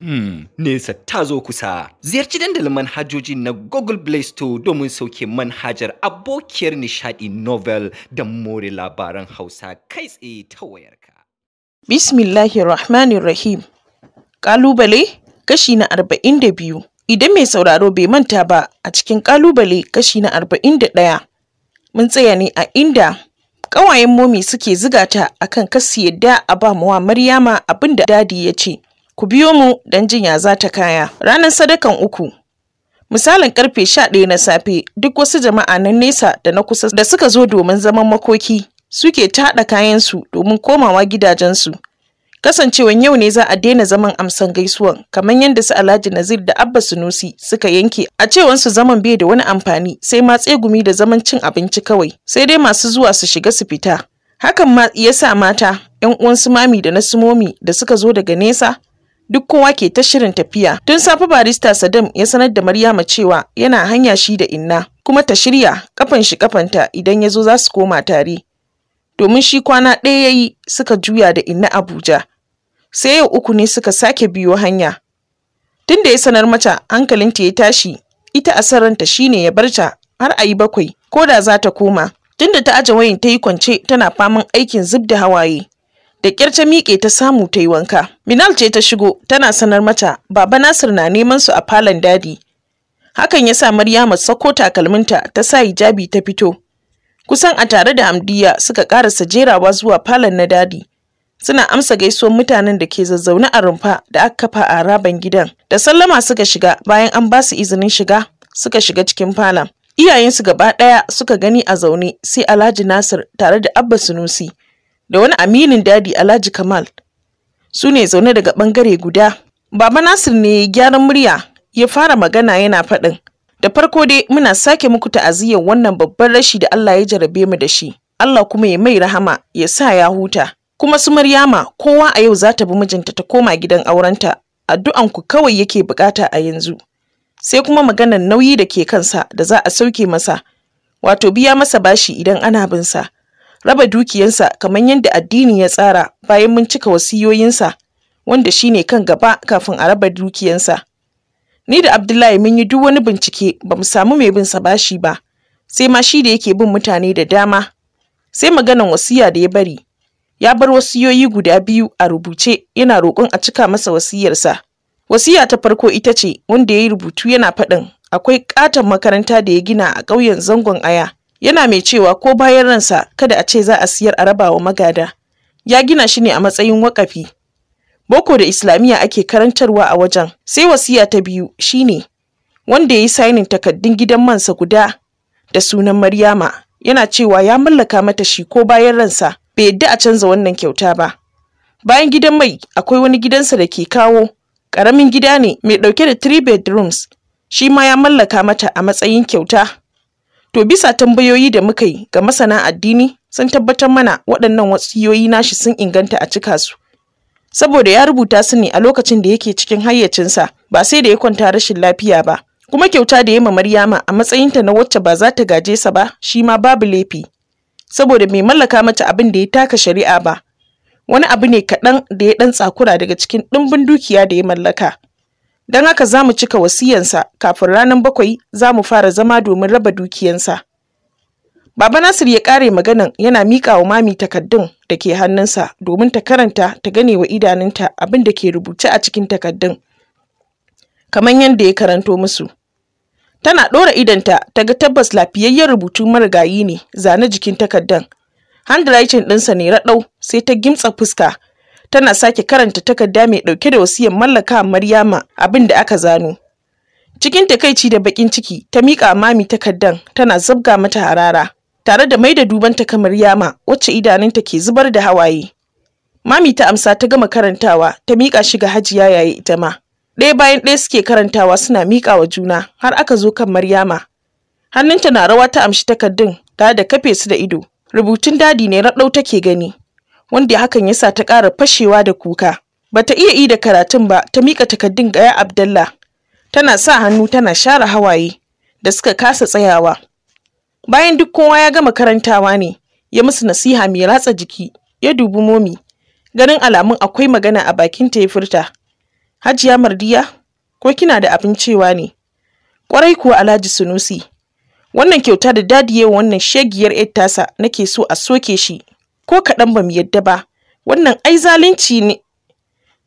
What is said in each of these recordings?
Hmm, nesa ta zo kusa. Ziyarci dandalin manhajoji na Google Play Store domin sauke manhajar abokiyar nishadi novel da more labaran Hausa kai tsaye ta wayarka. Bismillahir Rahmanir Rahim. Kalubale kashi na arba'in da biyu. Idan mai sauraro bai manta ba a cikin kalubale kashi na arba'in da ɗaya. Mun tsaya ne a inda ƙawayen momi suke zigata akan kasu yadda a ba wa Maryama abin dadi ya ce. Ku biyo mu don jinya ya za ta kaya. Ranar sadakan uku. Misalin karfe sha ɗaya na safe duk wasu jama'a na nesa da na kusa da suka zo domin zaman makoki suke taɗa kayansu domin komawa gidajensu. Kasancewan yau ne za a daina zaman amsan gaisuwan kamar yadda su Alhaji Nazir da Abba Sunusi suka yanke a cewan su zaman bai da wani amfani sai ma tsegumi da zaman cin abinci kawai sai dai masu zuwa su shiga su fita. Hakan ma ya sa mata ‘yan uwansu mami da na sumomi da suka zo daga nesa duk kowa ke ta shirin tafiya. Tun safe barista sadam ya sanar da Maryama cewa yana hanya shi da inna kuma ta shirya kafan shi kafanta idan ya zo za su koma tare. Domin shi kwana ɗaya ya yi suka juya da inna Abuja. Sai yau uku ne suka sake biyo hanya. Tun da ya sanar mata hankalinta ya tashi ita a asaranta shine ya barta har a yi bakwai ko da za ta koma. Tunda ta aje wayin ta yi kwance tana faman aikin zub da hawaye. da ƙyar ta miƙe ta samu ta yi wanka. Minal ce ta shigo tana sanar mata baba Nasir na neman su a falon dadi. Hakan ya sa Maryama sako takalminta ta sa hijabi ta fito. Kusan a tare da Hamdiya suka ƙarasa jerawa zuwa falon na dadi. Suna amsa gaisuwar mutanen da ke zazzaune a rumfa da aka kafa a haraban gidan. Da sallama suka shiga bayan an basu izinin shiga suka shiga cikin falon. Iyayensu gaba ɗaya suka gani a zaune sai Alhaji Nasir tare da Abba Sunusi. da wani aminin dadi Alhaji Kamal su ne zaune daga bangare guda. Baba Nasir ne gyaran murya ya fara magana yana faɗin. Da farko dai muna sake muku ta'aziyyar wannan babban rashi da Allah ya jarabe mu da shi. Allah kuma ya mai rahama ya sa ya huta. Kuma su Maryama kowa a yau za ta bi mijinta ta koma gidan aurenta. Addu'an ku kawai yake bukata a yanzu. Sai kuma maganar nauyi da ke kansa da za a sauke masa. Wato biya masa bashi idan ana bin sa. raba dukiyansa kamar yadda addini ya tsara bayan mun cika wasiyoyinsa wanda shi ne kan gaba kafin a raba dukiyansa. Ni da Abdullahi mun yi duk wani bincike ba mu samu mai bin sa bashi ba, sai ma shi da yake bin mutane da dama. Sai maganan wasiya da ya bari. Ya bar wasiyoyi guda biyu a rubuce yana roƙon a cika masa wasiyarsa. Wasiya ta farko ita ce wanda ya yi rubutu yana faɗin akwai ƙaton makaranta da ya gina a ƙauyen zangon aya yana mai cewa ko bayan ransa kada a ce za a siyar a raba wa magada ya gina shi ne a matsayin wakafi boko da islamiyya ake karantarwa a wajen sai wasiya ta biyu shine wanda ya yi sainin takaddun gidan mansa guda da sunan maryama yana cewa ya mallaka mata shi ko bayan ransa bai yadda a canza wannan kyauta ba bayan gidan mai akwai wani gidansa da ke kawo ƙaramin gida ne mai ɗauke da three bedrooms shi ma ya mallaka mata a matsayin kyauta To bisa tambayoyi da muka yi ga masana addini sun tabbatar mana waɗannan wasiyoyi nashi sun inganta a cika su. Saboda ya rubuta su ne a lokacin da yake cikin hayyacinsa ba sai da ya kwanta rashin lafiya ba. Kuma kyauta da ya ma Maryama a matsayinta na wacce ba za ta gaje sa ba shi ma babu laifi. Saboda mai mallaka mata abin da ya taka shari'a ba. Wani abu ne kaɗan da ya ɗan tsakura daga cikin ɗumbin dukiya da ya mallaka. Don haka za mu cika wasiyansa kafin ranar bakwai za mu fara zama domin raba dukiyansa. Baba Nasir ya ƙare maganan yana miƙa wa mami takardun da ke hannunsa domin ta karanta ta gane wa idanunta abin da ke rubuce a cikin takaddun. Kamar yadda ya karanto musu. Tana ɗora idanta ta ga tabbas lafiyayyen rubutu marigayi ne zane jikin takardan. Handwriting ɗinsa ne raɗau sai ta gimtsa fuska tana sake karanta takarda mai ɗauke da wasiyar mallaka Maryama abin da aka zano. Cikin takaici da bakin ciki ta miƙa mami takardan tana zabga mata harara tare da mai da ta kamar yama wacce idanunta ke zubar da hawaye. Mami ta amsa ta gama karantawa ta miƙa shi ga hajiya yayi ita ma. Ɗaya bayan ɗaya suke karantawa suna miƙa wa juna har aka zo kan Maryama. Hannunta na rawa ta amshi takardun tare da kafe su da ido. Rubutun dadi ne raɗau take gani. wanda hakan ya sa ta ƙara fashewa da kuka Ba ta iya yi da karatun ba ta miƙa takardun ga ya abdallah tana sa hannu tana share hawaye da suka kasa tsayawa bayan duk kowa ya gama karantawa ne ya musu nasiha mai ratsa jiki ya dubi momi ganin alamun akwai magana a bakin ta ya furta hajiya mardiya ko kina da abin cewa ne Ƙwarai kuwa alhaji sunusi wannan kyauta da dadiye wannan shegiyar tasa nake so a soke shi ko kaɗan ba mu yadda ba wannan ai zalunci ne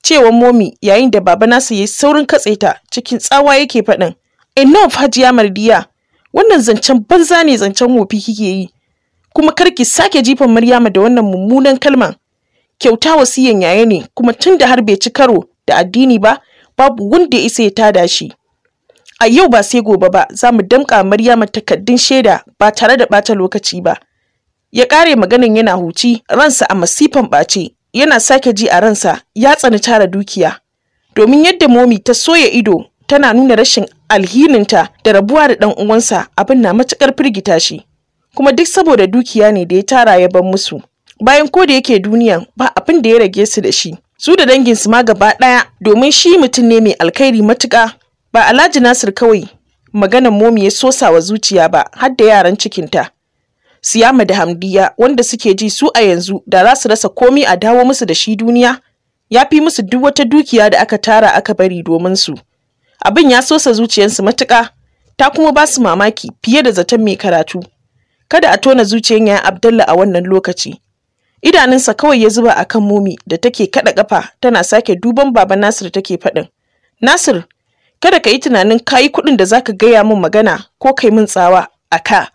cewa momi yayin da baba nasa ya yi saurin katse ta cikin tsawa yake faɗin enough hajiya mardiya wannan zancen banza ne zancen wofi kike yi kuma kar ki sake jifan maryama da wannan mummunan kalman kyauta wasiyan yaya ne kuma tun da har bai ci karo da addini ba babu wanda ya isa ya tada shi a yau ba sai gobe ba za mu damƙa maryama takaddun shaida ba tare da ɓata lokaci ba ya ƙare maganin yana huci ransa a masifan ɓace yana sake ji a ransa ya tsani tara dukiya domin yadda momi ta soya ido tana nuna rashin alhininta da rabuwa da ɗan uwansa abin na matuƙar firgita shi kuma duk saboda dukiya ne da ya tara ya ban musu bayan ko da yake duniyan ba abin da ya rage su da shi su da dangin su ma gaba ɗaya domin shi mutum ne mai alkhairi matuƙa ba alhaji nasir kawai maganan momi ya sosa wa zuciya ba har da yaran cikinta Siyama da Hamdiya wanda suke ji su a yanzu da za su rasa komi a dawo musu da shi duniya ya fi musu duk wata dukiya da aka tara aka bari domin su. Abin ya sosa zuciyarsu matuƙa ta kuma ba su mamaki fiye da zaton mai karatu. Kada a tona zuciyar ya Abdallah a wannan lokaci. Idanunsa kawai ya zuba a kan momi da take kaɗa ƙafa tana sake duban baba Nasir take faɗin. Nasir, kada ka yi tunanin ka yi kuɗin da zaka gaya min magana ko kai min tsawa a ka.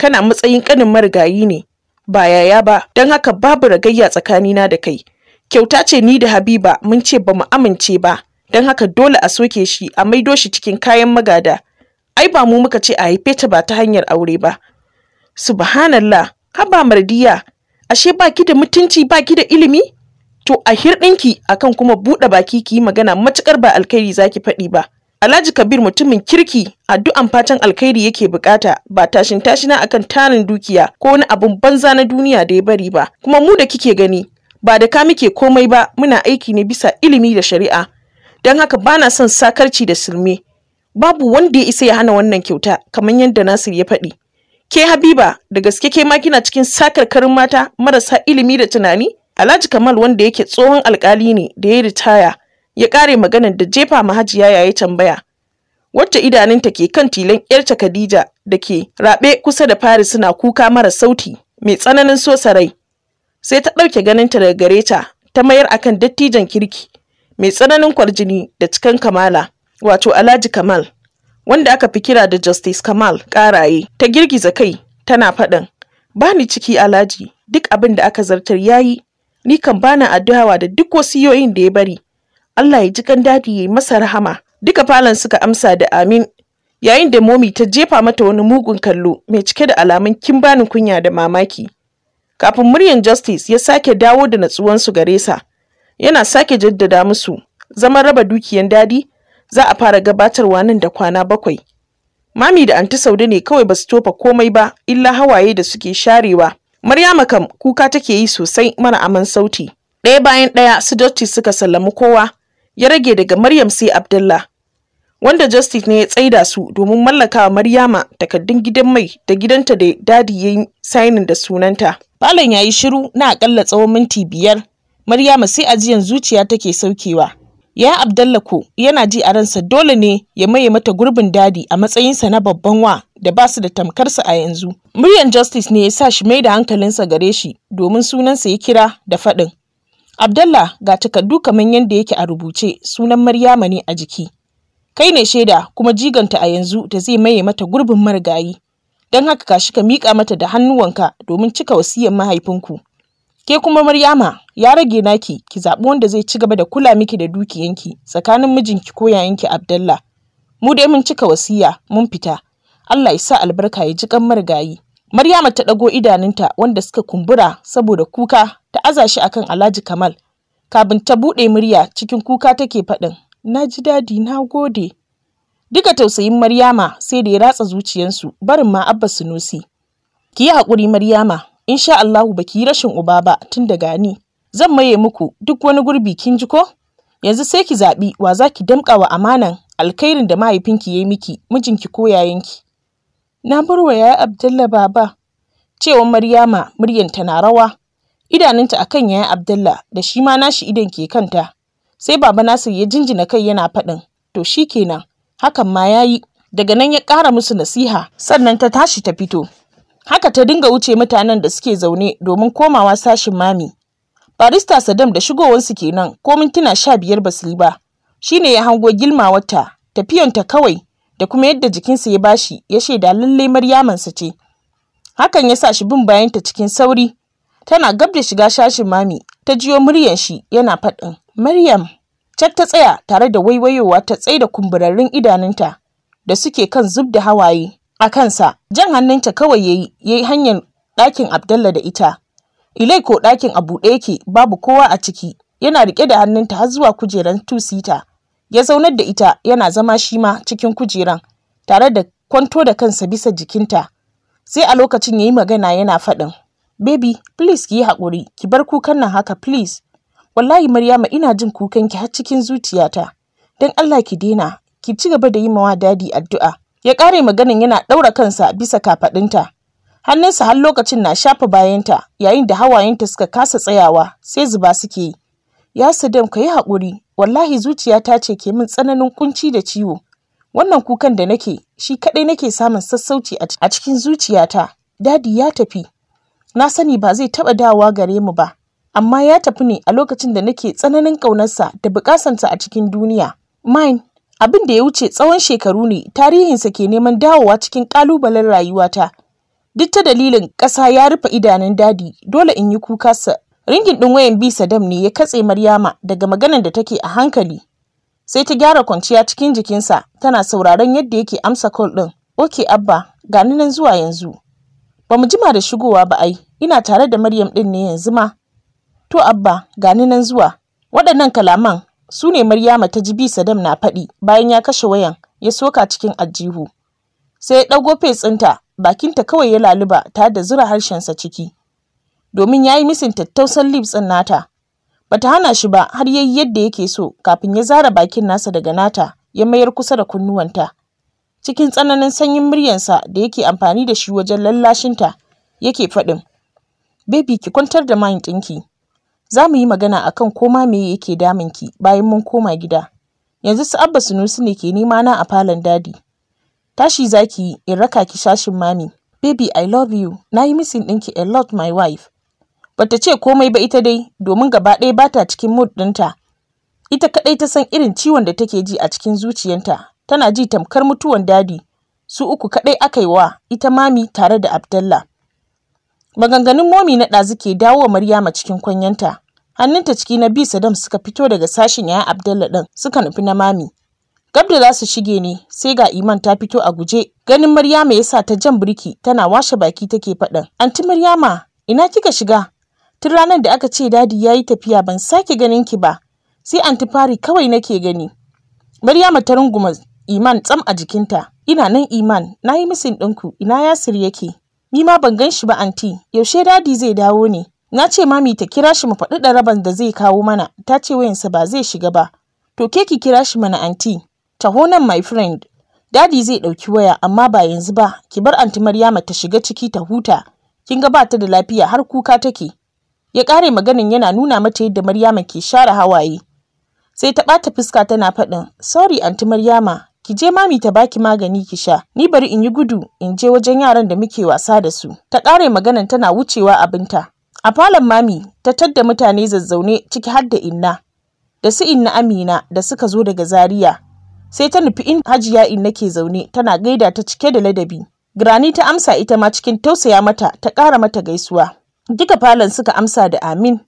kana matsayin ƙanin marigayi ne ba yaya ba don haka babu ragayya tsakanina da kai kyauta ce ni da habiba mun ce ba mu amince ba don haka dole a soke shi a maido shi cikin kayan magada ai ba mu muka ce a haife ta ba ta hanyar aure ba subhanallah haba mardiya ashe ba ki da mutunci ba ki da ilimi to a hirɗinki akan kuma buɗe baki ki yi magana matukar ba alkhairi zaki faɗi ba Alhaji Kabir mutumin kirki a addu'an fatan alkhairi yake bukata ba tashin tashina akan tarin dukiya ko wani abun banza na duniya da ya bari ba kuma mu da kike gani ba da ka muke komai ba muna aiki ne bisa ilimi da shari'a don haka bana son sakarci da silme babu wanda ya isa ya hana wannan kyauta kamar yadda Nasir ya faɗi ke Habiba da gaske ke ma kina cikin sakarkarin mata marasa ilimi da tunani Alhaji Kamal wanda yake tsohon alkali ne da ya ritaya ya ƙare maganar da jefa mahajiya hajiya yayi tambaya wacce idanunta ke kan tilan yarta Khadija da ke raɓe kusa da Paris suna kuka mara sauti mai tsananin sosa rai sai ta ɗauke ta daga gare ta ta mayar akan dattijan kirki mai tsananin kwarjini da cikan kamala wato Alhaji Kamal wanda aka fi kira da Justice Kamal ƙaraye ta girgiza kai tana faɗin ba ni ciki Alhaji duk abin da aka zartar yayi ni kan bana addu'awa da duk wasiyoyin da ya bari Allah ya ji kan dadi ya yi masa rahama. Duka falon suka amsa da amin. Yayin da momi ta jefa mata wani mugun kallo mai cike da alamun kin bani kunya da mamaki. Kafin muryan Justice ya sake dawo da natsuwansu gare sa, yana sake jaddada musu zaman raba dukiyan dadi za a fara gabatarwa nan da kwana bakwai. Mami da anti Saude ne kawai ba su tofa komai ba illa hawaye da suke sharewa. Maryama kam kuka take yi sosai mana aman sauti. Ɗaya bayan ɗaya su Justice suka sallami kowa ya rage daga Maryam sai Abdullah wanda Justice ne ya tsaida su domin mallakawa Maryama takardun gidan mai da gidanta da dadi ya yi sainin da sunanta. Falon ya yi shiru na akalla tsawon minti biyar. Maryama sai ajiyan zuciya take saukewa. Ya Abdallah ko yana ji a ransa dole ne ya maye mata gurbin dadi a matsayinsa na babban wa da ba su da tamkarsa a yanzu. Muryan Justice ne ya sa shi mai da hankalinsa gare shi domin sunansa ya kira da faɗin. Abdallah ga takardu kamar yadda yake a rubuce sunan Maryama ne a jiki. Kai ne shaida kuma jiganta a yanzu ta zai maye mata gurbin marigayi. Don haka ka shi ka miƙa mata da hannuwanka domin cika wasiyar mahaifinku. Ke kuma Maryama ya rage naki ki zaɓi wanda zai ci gaba da kula miki da dukiyanki tsakanin mijinki ko yayanki Abdallah. Mu dai mun cika wasiya mun fita. Allah ya sa albarka ya ji kan marigayi. Maryama ta ɗago idanunta wanda suka kumbura saboda kuka ta aza shi akan Alhaji Kamal. Kabin ta buɗe murya cikin kuka take faɗin, "Na ji dadi, na gode." Duka tausayin Maryama sai da ya ratsa zuciyarsu barin ma Abba Sunusi. Ki yi haƙuri Maryama, insha Allahu baki yi rashin uba ba tun daga ni. Zan maye muku duk wani gurbi kin ji ko? Yanzu sai ki zaɓi wa za ki damƙa wa amanan alkhairin da mahaifinki ya yi miki, mijinki ko yayanki. Na barwa yaya Abdullah baba, Cewa Maryama muryanta na rawa, idanunta akan kan yaya Abdullah da shi ma nashi idan ke kanta. Sai baba Nasir ya jinjina kai yana faɗin, to shi kenan, hakan ma ya yi. Daga nan ya ƙara musu nasiha, sannan ta tashi ta fito. Haka ta dinga wuce mutanen da suke zaune domin komawa sashin mami. Barista sadam da shigowansu kenan ko mintuna sha biyar ba su yi ba. shine ya hango gilmawarta, tafiyanta kawai da kuma yadda jikinsa ya bashi ya shaida lallai Maryamansa ce. Hakan ya sa shi bin bayanta cikin sauri. Tana gab da shiga shashin mami, ta jiyo muryan shi yana faɗin, "Maryam." Cak ta tsaya tare da waiwayowa ta tsaida kumburarrun idanunta da suke kan zub da hawaye a kansa. Jan hannunta kawai yayi, yayi hanyar ɗakin abdalla da ita. Ilai ko ɗakin a buɗe yake babu kowa a ciki, yana riƙe da hannunta har zuwa kujeran tusita ya zaunar da ita yana zama shi ma cikin kujeran tare da kwanto da kansa bisa jikinta sai a lokacin ya yi magana yana faɗin baby please ki yi haƙuri ki bar kukan nan haka please wallahi maryama ina jin kukan ki har cikin zuciyata don allah ki daina ki ci gaba da yi mawa dadi addu'a ya ƙare maganin yana ɗaura kansa bisa kafaɗinta hannunsa har lokacin na shafa bayanta yayin da hawayenta suka kasa tsayawa sai zuba suke yi Ya Saddam ka yi haƙuri, wallahi zuciyata ce ke min tsananin kunci da ciwo. Wannan kukan da nake, shi kaɗai nake samun sassauci a cikin zuciyata. Dadi ya tafi. Na sani ba zai taɓa dawowa gare mu ba, amma ya tafi ne a lokacin da nake tsananin ƙaunarsa da buƙasansa a cikin duniya. Mine, abin da ya wuce tsawon shekaru ne tarihinsa ke neman dawowa cikin ƙalubalen rayuwata. Duk ta dalilin ƙasa ya rufe idanun dadi, dole in yi kuka sa Ringin ɗin wayan bi sadam ne ya katse Maryama daga maganar da take a hankali. Sai ta gyara kwanciya cikin jikinsa tana sauraron yadda yake amsa kol ɗin. Oke Abba, ga nan zuwa yanzu. Ba mu jima da shigowa ba ai, ina tare da Maryam ɗin ne yanzu ma. To Abba, ga nan zuwa. Waɗannan kalaman su ne Maryama ta ji bi sadam na faɗi bayan ya kashe wayan ya soka cikin aljihu. Sai ya ɗago fetsinta, bakinta kawai ya laluba tare da zura harshensa ciki. domin ya yi misin tattausan lips ɗin nata. Bata hana shi ba har yayi yadda yake so kafin ya zara bakin nasa daga nata ya mayar kusa da kunnuwanta. Cikin tsananin sanyin muryarsa da yake amfani da shi wajen lallashinta yake faɗin. Baby ki kwantar da mind ɗinki. Za mu yi magana akan koma me yake ki bayan mun koma gida. Yanzu su Abba Sunusi ne ke nema na a falon dadi. Tashi zaki in raka ki sashin mami. Baby I love you. Na yi misin ɗinki a lot my wife. bata ce komai ba ita dai domin gaba ɗaya ba ta cikin mood ɗinta ita kaɗai ta san irin ciwon da take ji a cikin zuciyanta tana ji tamkar mutuwan dadi su uku kaɗai aka yi wa ita mami tare da abdalla maganganun momi na ɗazu ke dawo maryama cikin kwanyanta hannunta ciki na bi sadam suka fito daga sashin yaya abdalla ɗin suka nufi na mami gab da za su shige ne sai ga iman ta fito a guje ganin maryama ya sa ta jan birki tana washe baki take faɗin anti maryama ina kika shiga Tun ranar da aka ce dadi ya yi tafiya ban sake ganin ki ba, sai antifari kawai nake gani. Maryama ta runguma Iman tsam a jikinta. Ina nan Iman, na yi misin ɗinku, ina Yasir yake. Ni ma ban gan shi ba anti, yaushe dadi zai dawo ne? Na ce mami ta kira shi mu faɗi raban da zai kawo mana, ta ce wayansa ba zai shiga ba. To ke ki kira shi mana anti, taho nan my friend. Dadi zai ɗauki waya amma ba yanzu ba, ki bar anti Maryama ta shiga ciki ta huta. Kin ga ba ta da lafiya har kuka take. ya ƙare maganin yana nuna mata yadda Maryama ke share hawaye. Sai ta ɓata fuska tana faɗin, "Sorry anti Maryama, ki je mami ta baki magani ki sha, ni bari in yi gudu in je wajen yaran da muke wasa da su." Ta ƙare maganan tana wucewa abinta. A falon mami ta tadda mutane zazzaune ciki har da inna, da su inna Amina da suka zo daga Zaria. Sai ta nufi in Hajiya inna ke zaune tana gaida ta cike da ladabi. Grani ta amsa ita ma cikin tausaya mata ta ƙara mata gaisuwa. Duka falon suka amsa da amin.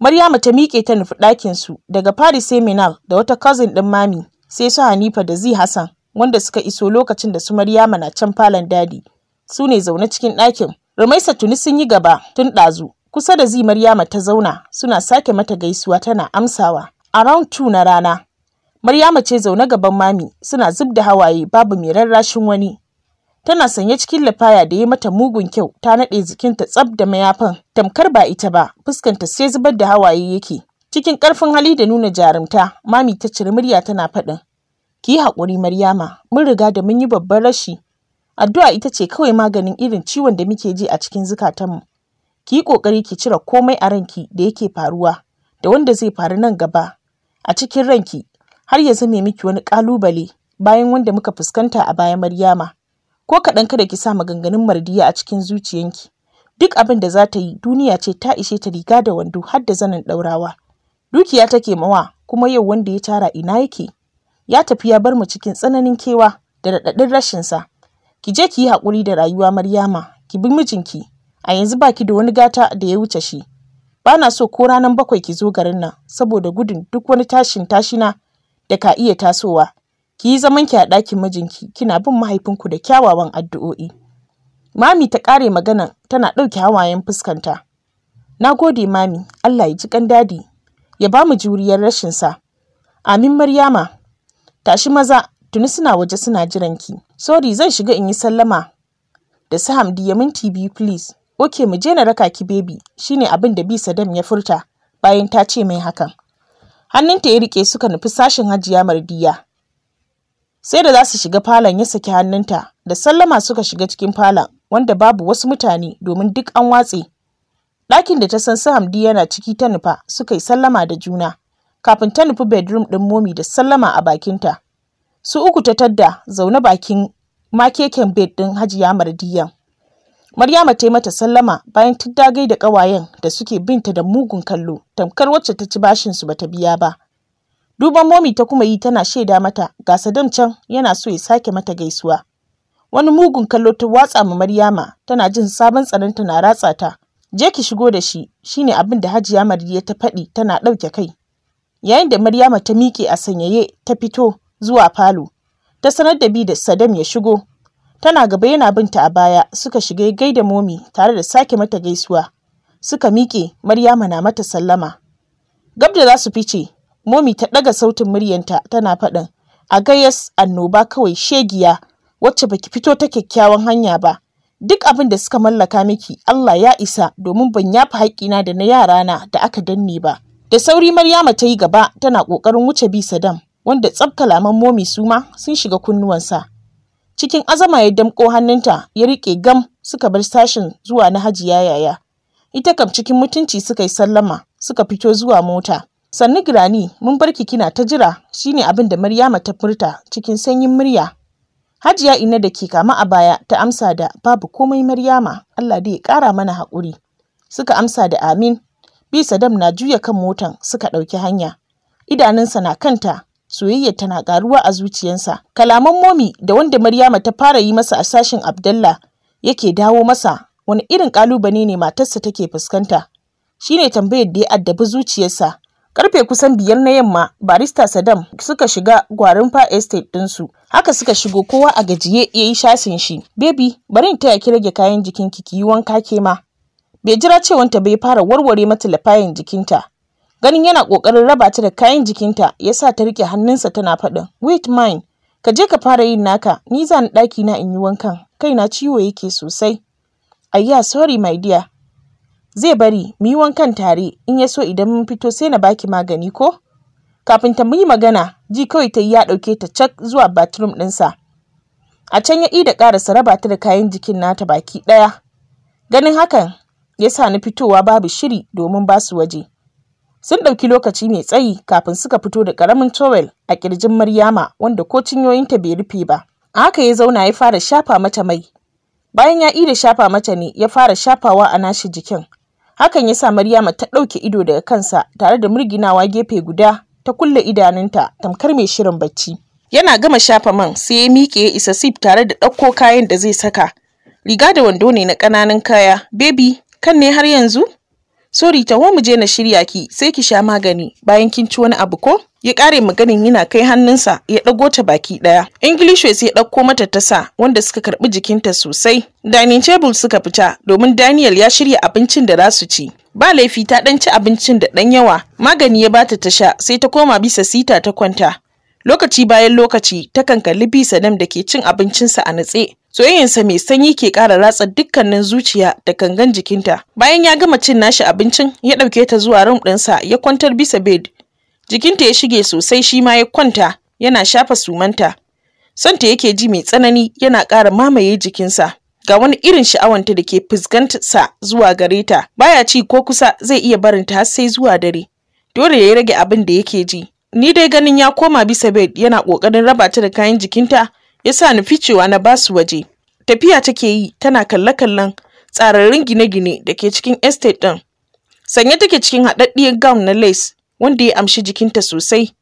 Maryamu ta miƙe ta nufi ɗakinsu daga Paris Seminal da wata cousin ɗin mami sai su Hanifa da Zi Hassan wanda suka iso lokacin da su Maryama na can falon dadi. Su ne zaune cikin ɗakin. Rumaisa tuni sun yi gaba tun ɗazu. Kusa da Zi Maryama ta zauna suna sake mata gaisuwa tana amsawa. A round two na rana. Maryama ce zaune gaban mami suna zub da hawaye babu mai rarrashin wani. tana sanye cikin lafaya da ya mata mugun kyau ta naɗe jikinta tsab da mayafin tamkar ba ita ba fuskanta sai zubar da hawaye yake cikin ƙarfin hali da nuna jarumta mami ta cire murya tana faɗin ki yi haƙuri maryama mun riga da mun yi babban rashi addu'a ita ce kawai maganin irin ciwon da muke ji a cikin zukatanmu ki yi ƙoƙari ki cire komai a ranki da yake faruwa da wanda zai faru nan gaba a cikin ranki har ya zame miki wani ƙalubale bayan wanda muka fuskanta a baya maryama ko kaɗan kada ki sa maganganun mardiya a cikin zuciyanki. Duk abin da za ta yi duniya ce ta ishe ta riga da wando har da zanin ɗaurawa. Dukiya take mawa kuma yau wanda ya tara ina yake. Ya tafi ya bar mu cikin tsananin kewa da raɗaɗin rashin sa Ki je ki yi haƙuri da rayuwa Maryama, ki bi mijinki. A yanzu ba ki da wani gata da ya wuce shi. Ba na so ko ranar bakwai ki zo garin nan saboda gudun duk wani tashin tashina da ka iya tasowa. ki yi zaman ki a ɗakin mijinki kina bin mahaifinku da kyawawan addu'o'i. Mami ta ƙare magana tana ɗauke hawayen fuskanta. Na gode mami, Allah ya ji ƙan dadi, ya ba mu juriyar rashinsa. Amin Maryama, tashi maza, tuni suna waje suna jiranki. Sori, zan shiga in yi sallama da su ya minti biyu please. Oke mu je na raka ki baby shine abin da bi Sadam ya furta bayan ta ce mai hakan. Hannunta ya rike suka nufi sashin Hajiya Mardiya. sai da za su shiga falon ya saki hannunta da sallama suka shiga cikin falon wanda babu wasu mutane domin duk an watse ɗakin da ta san su hamdi yana ciki ta nufa suka yi sallama da juna kafin ta nufi bedroom ɗin momi da sallama a bakinta su uku ta tadda zaune bakin makeken bed ɗin hajiya mardiyan maryama ta yi mata sallama bayan ta dagai da ƙawayen da suke binta da mugun kallo tamkar wacce ta ci bashin bashinsu bata biya ba Duban Momi ta kuma yi tana shaida mata ga sadam can yana so ya sake mata gaisuwa. Wani mugun kallo ta watsa ma Maryama tana jin sabon tsananta na ratsa ta. Je ki shigo da shi shine abin da Hajiya Mariya ta faɗi tana ɗauke kai. Yayin da Maryama ta miƙe a sanyaye ta fito zuwa falo ta sanar da bi da Saddam ya shigo. Tana gaba yana binta a baya suka shiga gaida Momi tare da sake mata gaisuwa. Suka miƙe Maryama na mata sallama. Gab da za su fice Momi ta ɗaga sautin muryanta tana faɗin: “A gayas, annoba kawai shegiya wacce baki fito ta kyakkyawan hanya ba, duk abin da suka mallaka miki Allah ya isa domin ban yafi haƙƙina da na yarana da aka danne ba.” Da sauri Maryama ta yi gaba tana ƙoƙarin wuce bi sadam wanda tsab kalaman Momi su ma sun shiga kunnuwansa. Cikin azama ya damƙo hannunta ya riƙe gam suka bar sashin zuwa na Hajiya Yaya. Ita kam cikin mutunci suka yi sallama suka fito zuwa mota. sannu girani mun barki kina ta jira shine abin da Maryama ta furta cikin sanyin murya Hajiya Ina da ke kama a baya ta amsa da babu komai Maryama Allah dai ya kara mana haƙuri suka amsa da amin bi Sadam na juya kan motan suka ɗauki hanya idanunsa na kanta soyayya tana ƙaruwa a zuciyarsa kalaman momi da wanda Maryama ta fara yi masa a sashin Abdallah yake dawo masa wani irin ƙalubale ne matarsa take fuskanta shine tambayar da ya addabi zuciyarsa Karfe kusan biyar na yamma barista sadam suka shiga gwarin fa estate ɗinsu. Haka suka shigo kowa a gajiye ya yi shasin shi. bebi bari in taya ki rage kayan jikin ki yi wanka ke ma. Bai jira cewanta bai fara warware mata lafayin jikinta. Ganin yana ƙoƙarin raba ta da kayan jikinta ya sa ta riƙe hannunsa tana faɗin wait mine ka je ka fara yin naka ni za ni ɗaki na in yi wankan kaina ciwo yake sosai. Ayya sorry my dear zai bari mu yi wankan tare in ya so idan mun fito sai na baki magani ko kafin ta yi magana ji kawai ta ya ɗauke ta cak zuwa bathroom ɗinsa a can ya ida ƙara saraba ta da kayan jikin nata baki ɗaya ganin hakan ya sa ni fitowa babu shiri domin ba su waje sun ɗauki lokaci mai tsayi kafin suka fito da ƙaramin towel a ƙirjin maryama wanda ko cinyoyinta bai rufe ba a haka ya zauna ya fara shafa mata mai bayan ya ida shafa mata ne ya fara shafawa a nashi jikin Hakan ya sa Maryama ta ɗauke ido daga kansa tare da murginawa gefe guda ta kulle idanunta tamkar mai shirin bacci. Yana gama shafa man sai ya miƙe ya isa sif tare da ɗauko kayan da zai saka. Riga da wando ne na ƙananan kaya. bebi kan ne har yanzu? Sori taho mu je na shirya ki sai ki sha magani bayan kin ci wani abu ko? Ya kare maganin yana kai hannunsa ya ɗago ta baki ɗaya. English ya ɗauko mata tasa wanda suka karɓi jikinta sosai. Dining table suka fita domin Daniel ya shirya abincin da zasu ci. Ba laifi ta ɗan ci abincin da ɗan yawa. Magani ya bata ta sha sai ta koma bisa sita ta kwanta. Lokaci bayan lokaci ta kalli bisa Saddam da ke cin abincinsa a natse. Soyayyarsa mai sanyi ke ƙara ratsa dukkanin zuciya da kangan jikinta. Bayan ya gama cin nashi abincin, ya ɗauke ta zuwa rum ɗinsa ya kwantar bisa bed. Jikinta ya shige sosai shi ma ya kwanta, yana shafa sumanta. Santa yake ji mai tsanani yana ƙara mamaye jikinsa. Ga wani irin sha'awanta da ke fuskantarsa zuwa gare ta, baya ci ko kusa zai iya barinta har sai zuwa dare. Dole ya rage abin da yake ji. ni dai ganin ya koma bisa bed yana kokarin raba ta da kayan jikinta ya sa ni ficewa na basu waje tafiya take yi tana kalle-kallen tsararrun gine-gine da ke cikin estate ɗin sanye take cikin haɗaɗɗiyar gown na lace wanda ya amshi jikinta sosai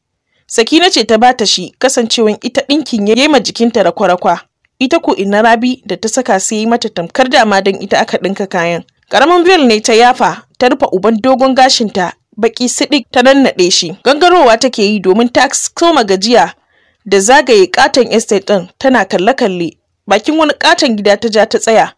sakina ce ta bata shi kasancewan ita ɗinkin ya yi ma jikinta rakwarakwa, kwarakwa ita ko ina rabi da ta saka sai yi mata tamkar dama don ita aka ɗinka kayan ƙaramin bel ne ta yafa ta rufe uban dogon gashinta baki sidik ta nannaɗe shi gangarowa take yi domin ta soma gajiya da zagaye katon estate ɗin tana kalle-kalle bakin wani katon gida ta ja ta tsaya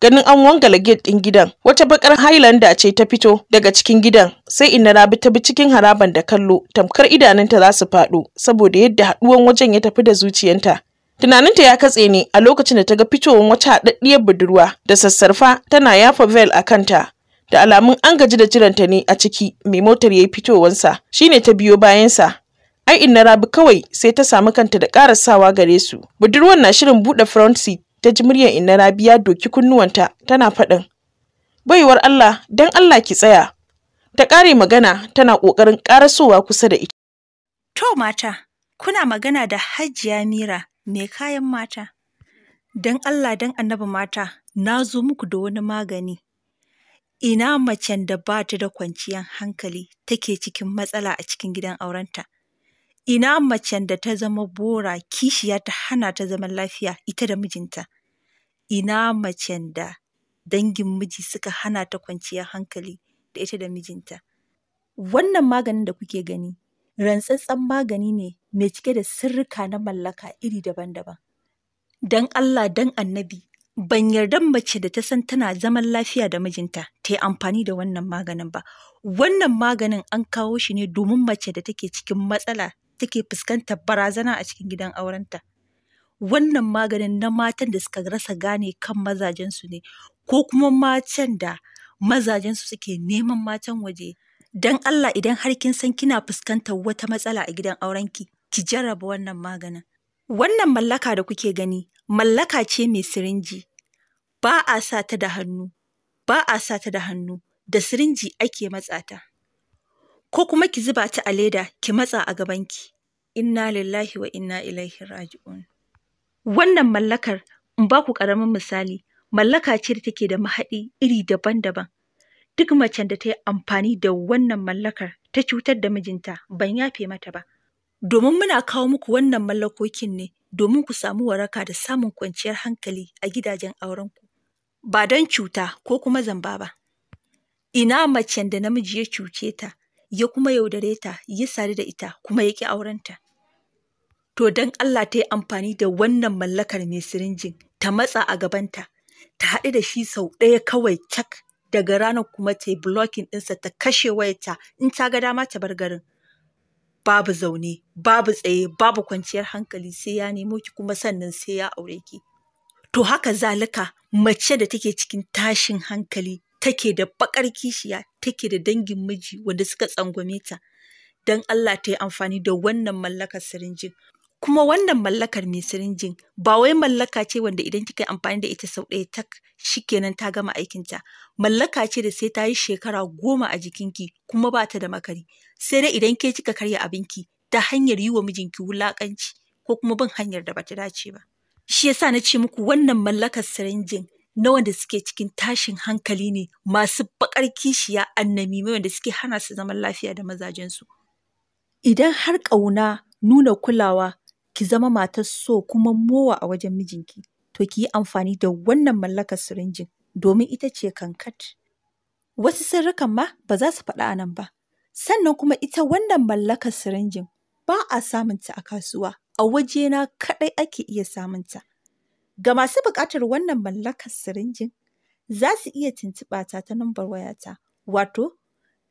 ganin an wangala gate ɗin gidan wata bakar highlander ce ta fito daga cikin gidan sai inna rabi ta bi cikin haraban da kallo tamkar idanunta za su faɗo saboda yadda haɗuwan wajen ya tafi da zuciyanta Tunaninta ya katse ne a lokacin da ta ga fitowar wata haɗaɗɗiyar budurwa da sassarfa tana yafa veil a kanta da alamun an gaji da jiranta ne a ciki mai motar ya yi fitowansa shine ta biyo bayansa ai inna rabi kawai sai ta samu kanta da karasawa gare su budurwar na shirin buɗe front seat ta ji muryar inna rabi ya doki kunnuwanta tana faɗin baiwar allah dan allah ki tsaya ta ƙare magana tana ƙoƙarin ƙarasowa kusa da ita to mata kuna magana da hajiya mira mai kayan mata don allah dan annabi mata na zo muku da wani magani ina macen da ba ta da kwanciyar hankali take cikin matsala a cikin gidan aurenta? Ina macen da ta zama bora kishiya ta hana ta zaman lafiya ita da mijinta? Ina macen da dangin miji suka hana ta kwanciyar hankali da ita da mijinta? Wannan maganin da kuke gani, rantsatsen magani ne mai cike da sirrika na mallaka iri daban-daban. Don Allah, don annabi, ban yarda mace da ta san tana zaman lafiya da mijinta ta yi amfani da wannan maganin ba wannan maganin an kawo shi ne domin mace da take cikin matsala take fuskantar barazana a cikin gidan aurenta wannan maganin na matan da suka rasa gane kan mazajensu ne ko kuma matan da mazajensu suke neman matan waje don allah idan har kin san kina fuskantar wata matsala a gidan aurenki ki jarraba wannan maganin wannan mallaka da kuke gani mallaka ce mai sirinji, ba a sa ta da hannu, ba a sa ta da hannu, da sirinji ake matsa ta. Ko kuma ki zuba ta a leda ki matsa a gabanki. Inna lillahi wa inna ilaihi raji'un. Wannan mallakar, in ba ku ƙaramin misali, mallaka ce da take da mahaɗi iri daban-daban. Duk macen da ta yi amfani da wannan mallakar ta cutar da mijinta ban yafe mata ba. Domin muna kawo muku wannan mallakokin ne domin ku samu waraka da samun kwanciyar hankali a gidajen aurenku, ba don cuta ko kuma zamba ba. Ina macen da namiji ya cuce ta, ya kuma yaudare ta, ya sadu da ita, kuma ya ƙi aurenta. To don Allah ta yi amfani da wannan mallakar mai sirinjin, ta matsa a gabanta, ta haɗu da shi sau ɗaya kawai cak daga ranar kuma ta yi blocking ɗinsa ta kashe wayarta in ta ga dama ta bar garin babu zaune babu tsaye babu kwanciyar hankali sai ya nemo ki kuma sannan sai ya aure ki to haka zalika mace da take cikin tashin hankali take da bakar kishiya take da dangin miji wanda suka tsangwame ta don Allah ta yi amfani da wannan mallakar sirinjin kuma wannan mallakar mai sirinjin ba wai mallaka ce wanda idan kika yi amfani da ita sau ɗaya tak shikenan ta gama aikinta mallaka ce da sai ta yi shekara goma a jikinki kuma ba ta da makari sai dai idan ke kika karya abinki ta hanyar yi wa mijinki wulaƙanci ko kuma bin hanyar da bata dace ba shi yasa na ce muku wannan mallakar sirinjin na wanda suke cikin tashin hankali ne masu baƙar kishiya annami mai wanda suke hana su zaman lafiya da mazajensu idan har ƙauna nuna kulawa ki zama matar so kuma mowa a wajen mijinki, to ki yi amfani da wannan mallakar sirinjin domin ita ce kankat. Wasu sirrikan ma ba za su faɗa a nan ba. Sannan kuma ita wannan mallakar sirinjin ba a samunta a kasuwa, a wajena kaɗai ake iya samunta. Ga masu buƙatar wannan mallakar sirinjin, za su iya tuntuɓa ta ta nambar wayata, wato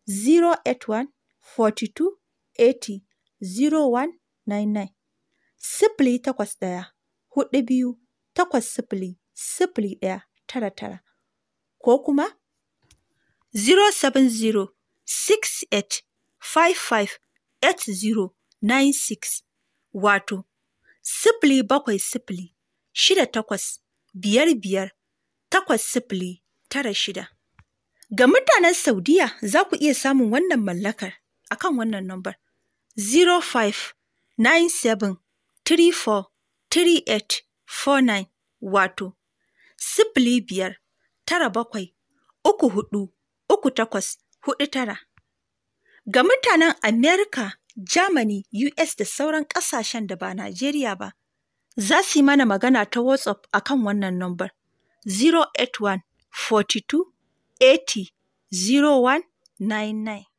081 42 80 0199. sifili takwas ɗaya huɗu biyu takwas sifili sifili ɗaya tara tara ko kuma eight zero nine six wato sifili bakwai sifili shida takwas biyar biyar takwas sifili tara shida. Ga mutanen Saudiya za ku iya samun wannan mallakar akan wannan nambar seven 343849 wato, sifili biyar tara bakwai uku hudu uku takwas hudu tara. Ga mutanen Amerika, Germany, US da sauran ƙasashen da ba Najeriya ba, za su yi mana magana ta WhatsApp a kan wannan nombar 081 42 80